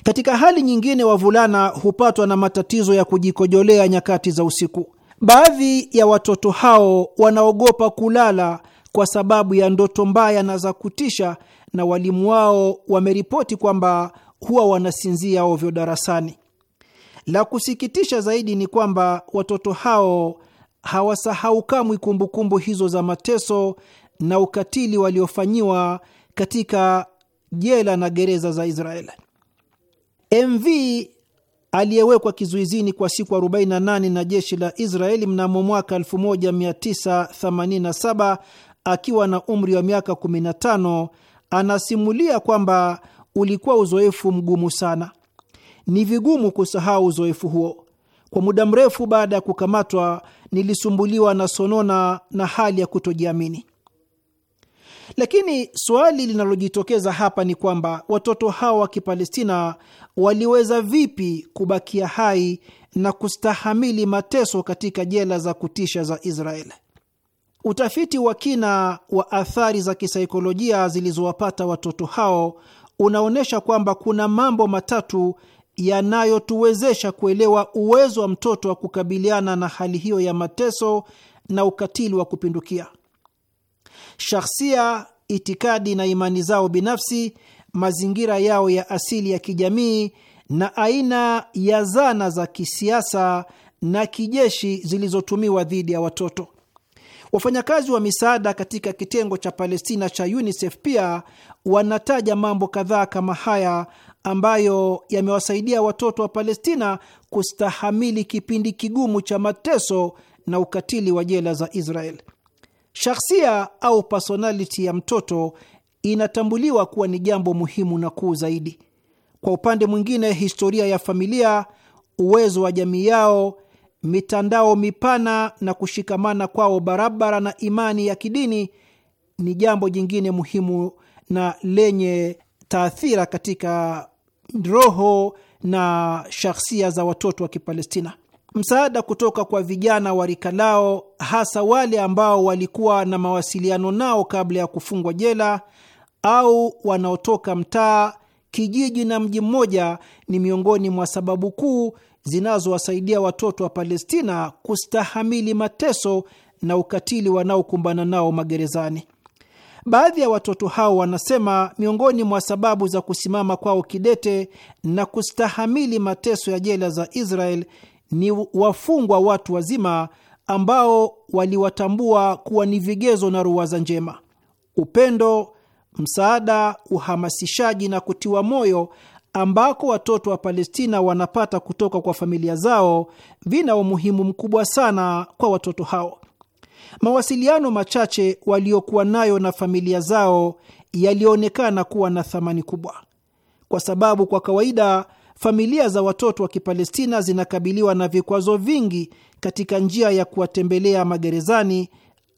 Katika hali nyingine, wavulana hupatwa na matatizo ya kujikojolea nyakati za usiku. Baadhi ya watoto hao wanaogopa kulala kwa sababu ya ndoto mbaya na za kutisha, na walimu wao wameripoti kwamba huwa wanasinzia ovyo darasani. La kusikitisha zaidi ni kwamba watoto hao hawasahau kamwe kumbukumbu hizo za mateso na ukatili waliofanyiwa katika jela na gereza za Israeli. MV aliyewekwa kizuizini kwa siku 48 na jeshi la Israeli mnamo mwaka 1987 akiwa na umri wa miaka 15, anasimulia kwamba ulikuwa uzoefu mgumu sana. Ni vigumu kusahau uzoefu huo. Kwa muda mrefu baada ya kukamatwa, nilisumbuliwa na sonona na hali ya kutojiamini. Lakini suali linalojitokeza hapa ni kwamba watoto hawa wa Kipalestina waliweza vipi kubakia hai na kustahamili mateso katika jela za kutisha za Israeli? Utafiti wa kina wa athari za kisaikolojia zilizowapata watoto hao unaonyesha kwamba kuna mambo matatu yanayotuwezesha kuelewa uwezo wa mtoto wa kukabiliana na hali hiyo ya mateso na ukatili wa kupindukia shakhsia, itikadi na imani zao binafsi, mazingira yao ya asili ya kijamii na aina ya zana za kisiasa na kijeshi zilizotumiwa dhidi ya watoto. Wafanyakazi wa misaada katika kitengo cha Palestina cha UNICEF pia wanataja mambo kadhaa kama haya ambayo yamewasaidia watoto wa Palestina kustahamili kipindi kigumu cha mateso na ukatili wa jela za Israeli. Shakhsia au personality ya mtoto inatambuliwa kuwa ni jambo muhimu na kuu zaidi. Kwa upande mwingine, historia ya familia, uwezo wa jamii yao, mitandao mipana na kushikamana kwao barabara na imani ya kidini ni jambo jingine muhimu na lenye taathira katika roho na shakhsia za watoto wa Kipalestina msaada kutoka kwa vijana wa rika lao, hasa wale ambao walikuwa na mawasiliano nao kabla ya kufungwa jela au wanaotoka mtaa, kijiji na mji mmoja, ni miongoni mwa sababu kuu zinazowasaidia watoto wa Palestina kustahamili mateso na ukatili wanaokumbana nao magerezani. Baadhi ya watoto hao wanasema miongoni mwa sababu za kusimama kwao kidete na kustahamili mateso ya jela za Israel ni wafungwa watu wazima ambao waliwatambua kuwa ni vigezo na ruwaza njema, upendo, msaada, uhamasishaji na kutiwa moyo ambako watoto wa Palestina wanapata kutoka kwa familia zao vina umuhimu mkubwa sana kwa watoto hao. Mawasiliano machache waliokuwa nayo na familia zao yalionekana kuwa na thamani kubwa, kwa sababu kwa kawaida familia za watoto wa Kipalestina zinakabiliwa na vikwazo vingi katika njia ya kuwatembelea magerezani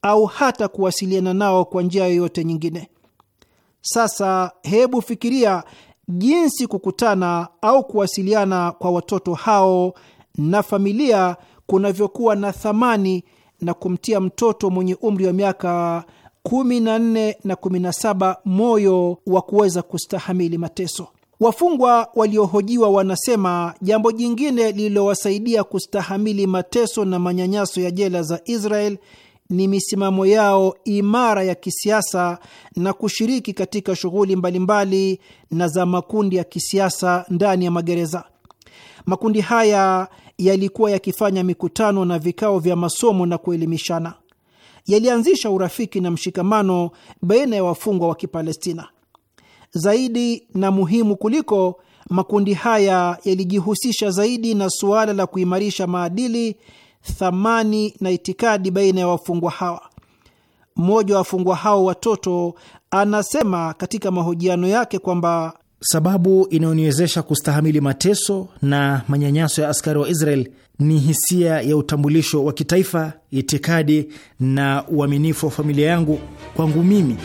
au hata kuwasiliana nao kwa njia yoyote nyingine. Sasa hebu fikiria jinsi kukutana au kuwasiliana kwa watoto hao na familia kunavyokuwa na thamani na kumtia mtoto mwenye umri wa miaka kumi na nne na kumi na saba moyo wa kuweza kustahamili mateso. Wafungwa waliohojiwa wanasema jambo jingine lililowasaidia kustahamili mateso na manyanyaso ya jela za Israel ni misimamo yao imara ya kisiasa na kushiriki katika shughuli mbalimbali na za makundi ya kisiasa ndani ya magereza. Makundi haya yalikuwa yakifanya mikutano na vikao vya masomo na kuelimishana. Yalianzisha urafiki na mshikamano baina ya wafungwa wa Kipalestina zaidi na muhimu kuliko, makundi haya yalijihusisha zaidi na suala la kuimarisha maadili, thamani na itikadi baina ya wafungwa hawa. Mmoja wa wafungwa hao watoto anasema katika mahojiano yake kwamba sababu inayoniwezesha kustahamili mateso na manyanyaso ya askari wa Israel ni hisia ya utambulisho wa kitaifa, itikadi na uaminifu wa familia yangu kwangu mimi.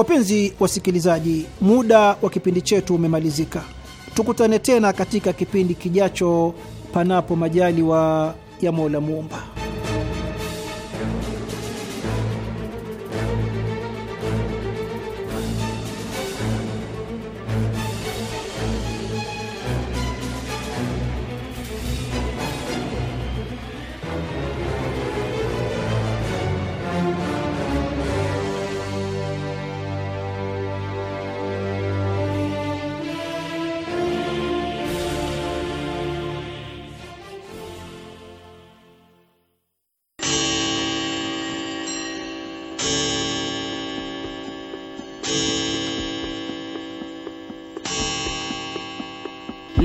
Wapenzi wasikilizaji, muda wa kipindi chetu umemalizika. Tukutane tena katika kipindi kijacho, panapo majaliwa ya Mola Muumba.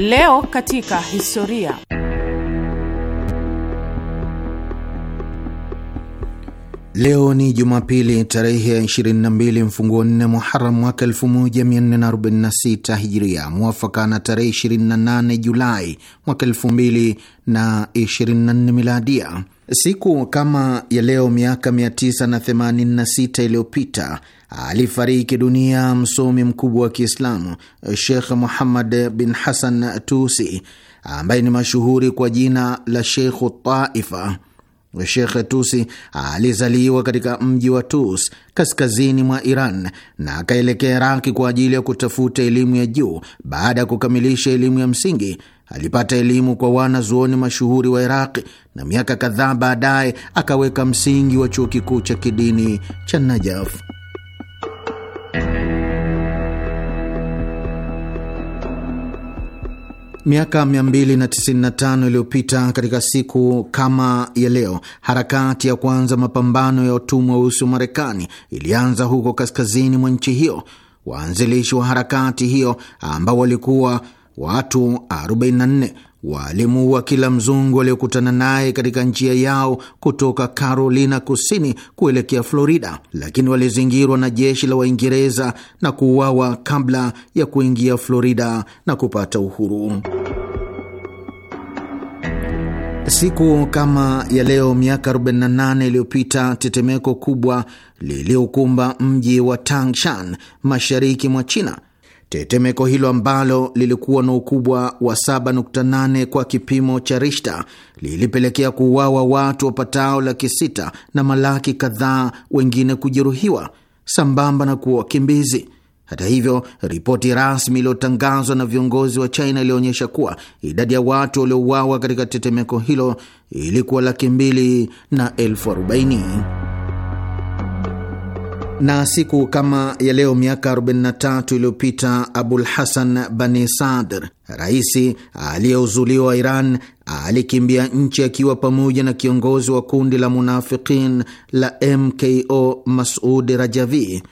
Leo katika historia. Leo ni Jumapili tarehe ya 22 mfunguo 4 Muharam mwaka 1446 Hijiria, mwafaka na tarehe 28 Julai mwaka 2024 Miladia. Siku kama ya leo miaka 986 iliyopita alifariki dunia msomi mkubwa wa Kiislamu Shekh Muhammad bin Hasan Tusi ambaye ni mashuhuri kwa jina la Sheikhu Taifa. Shekh Tusi alizaliwa katika mji wa Tus kaskazini mwa Iran na akaelekea Iraki kwa ajili ya kutafuta elimu ya juu. Baada ya kukamilisha elimu ya msingi, alipata elimu kwa wana zuoni mashuhuri wa Iraqi na miaka kadhaa baadaye akaweka msingi wa chuo kikuu cha kidini cha Najaf. Miaka 295 iliyopita katika siku kama ya leo, harakati ya kwanza mapambano ya watumwa weusi wa Marekani ilianza huko kaskazini mwa nchi hiyo. Waanzilishi wa harakati hiyo ambao walikuwa watu 44 wa kila mzungu aliyokutana naye katika njia yao kutoka Carolina Kusini kuelekea Florida, lakini walizingirwa na jeshi la Waingereza na kuuawa kabla ya kuingia Florida na kupata uhuru. Siku kama ya leo miaka 48 iliyopita tetemeko kubwa liliokumba mji wa Tangshan mashariki mwa China Tetemeko hilo ambalo lilikuwa na ukubwa wa 7.8 kwa kipimo cha Rishta lilipelekea kuuawa watu wapatao laki sita na malaki kadhaa wengine kujeruhiwa sambamba na kuwa wakimbizi. Hata hivyo, ripoti rasmi iliyotangazwa na viongozi wa China ilionyesha kuwa idadi ya watu waliouawa katika tetemeko hilo ilikuwa laki mbili na elfu arobaini. Na siku kama ya leo miaka 43 iliyopita Abul Hasan Bani Sadr, raisi aliyeuzuliwa Iran, alikimbia nchi akiwa pamoja na kiongozi wa kundi la munafiqin la MKO Masud Rajavi.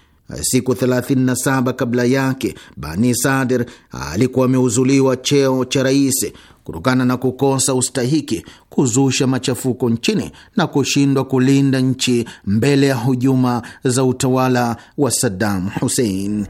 Siku 37 kabla yake, Bani Sadr alikuwa ameuzuliwa cheo cha rais kutokana na kukosa ustahiki, kuzusha machafuko nchini na kushindwa kulinda nchi mbele ya hujuma za utawala wa Saddam Hussein.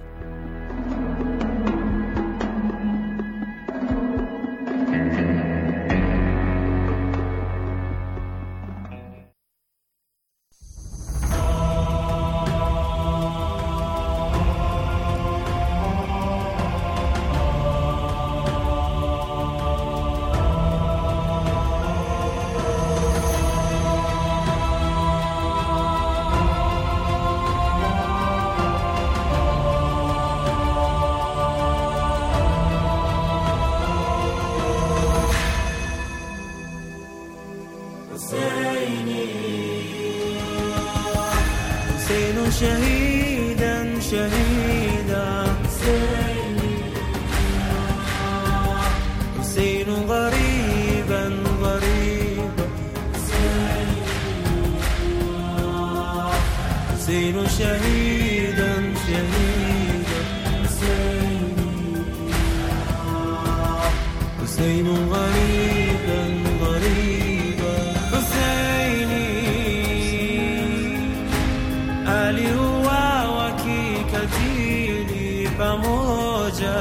waliuawa kikatili pamoja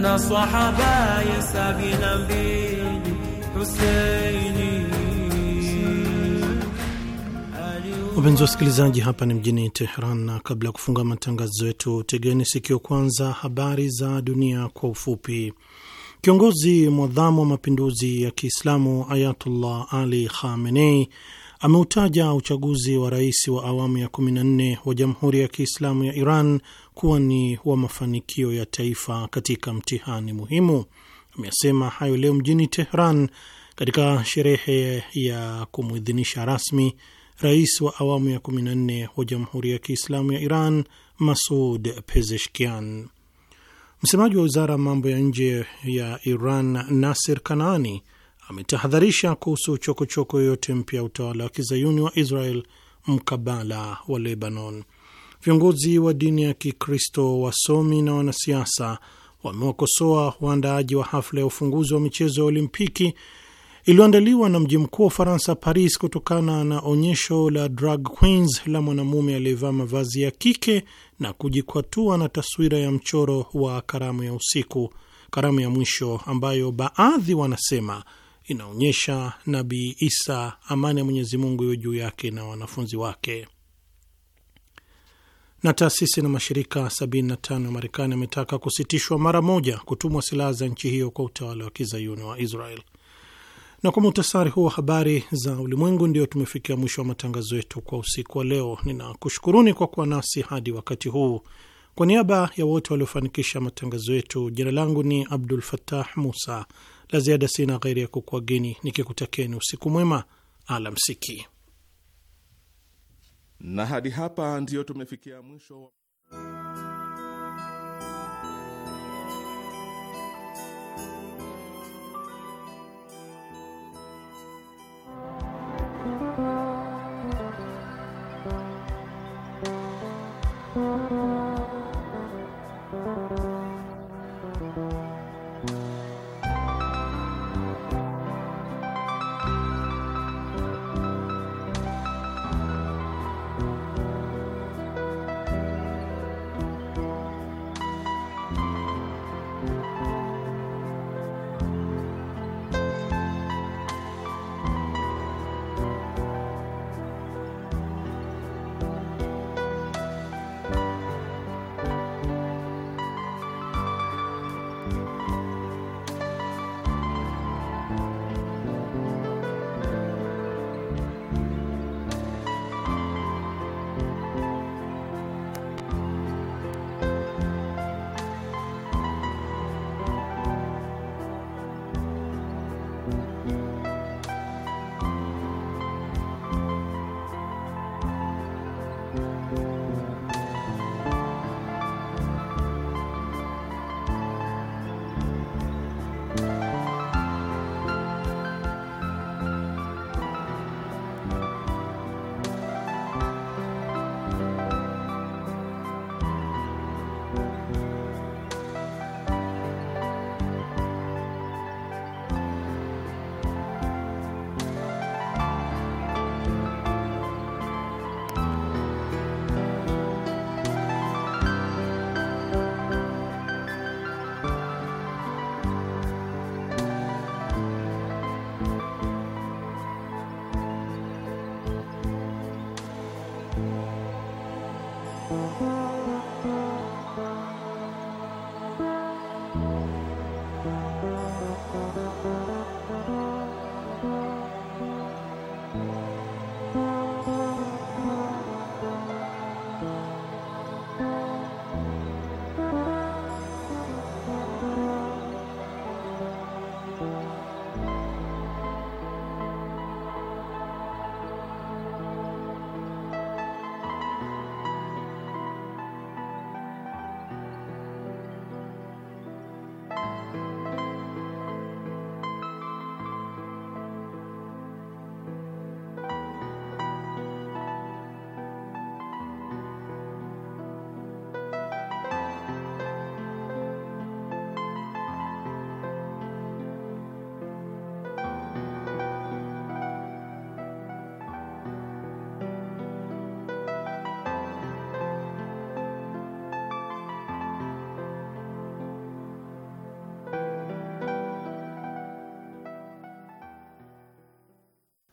na sahaba ya sabini na mbili Huseini. Wapenzi wasikilizaji, hapa ni mjini Teheran, na kabla ya kufunga matangazo yetu, tegeni sikio kwanza habari za dunia kwa ufupi. Kiongozi mwadhamu wa mapinduzi ya Kiislamu Ayatullah Ali Khamenei ameutaja uchaguzi wa rais wa awamu ya 14 wa Jamhuri ya Kiislamu ya Iran kuwa ni wa mafanikio ya taifa katika mtihani muhimu. Ameyasema hayo leo mjini Tehran katika sherehe ya kumwidhinisha rasmi rais wa awamu ya 14 wa Jamhuri ya Kiislamu ya Iran Masud Pezeshkian. Msemaji wa wizara ya mambo ya nje ya Iran Nasir Kanaani ametahadharisha kuhusu chokochoko yoyote mpya utawala wa kizayuni wa Israel mkabala wa Lebanon. Viongozi wa dini ya Kikristo, wasomi na wanasiasa wamewakosoa waandaaji wa hafla ya ufunguzi wa michezo ya Olimpiki iliyoandaliwa na mji mkuu wa Ufaransa, Paris, kutokana na onyesho la drag queens la mwanamume aliyevaa mavazi ya kike na kujikwatua na taswira ya mchoro wa karamu ya usiku, karamu ya mwisho, ambayo baadhi wanasema inaonyesha Nabii Isa, amani ya Mwenyezi Mungu iwe juu yake na wanafunzi wake. Na taasisi na mashirika 75 ya Marekani yametaka kusitishwa mara moja kutumwa silaha za nchi hiyo kwa utawala wa kizayuni wa Israel. Na kwa muhtasari huu wa habari za ulimwengu, ndio tumefikia mwisho wa matangazo yetu kwa usiku wa leo. Ninakushukuruni kwa kuwa nasi hadi wakati huu. Kwa niaba ya wote waliofanikisha matangazo yetu, jina langu ni Abdul fatah Musa. La ziada sina ghairi ya kukuageni nikikutakeni usiku mwema, alamsiki. Na hadi hapa ndiyo tumefikia mwisho.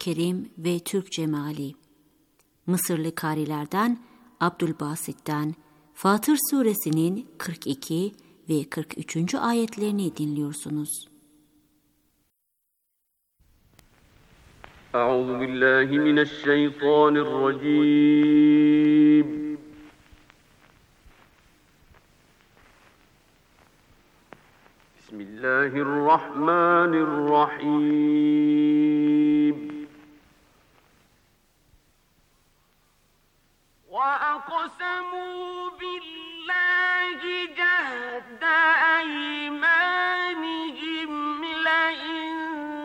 Kerim ve Türk Cemali. Mısırlı karilerden Abdülbasit'ten Fatır suresinin 42 ve 43. ayetlerini dinliyorsunuz. أعوذ بالله من الشيطان الرجيم بسم الله الرحمن الرحيم وأقسموا بالله جهد أيمانهم لئن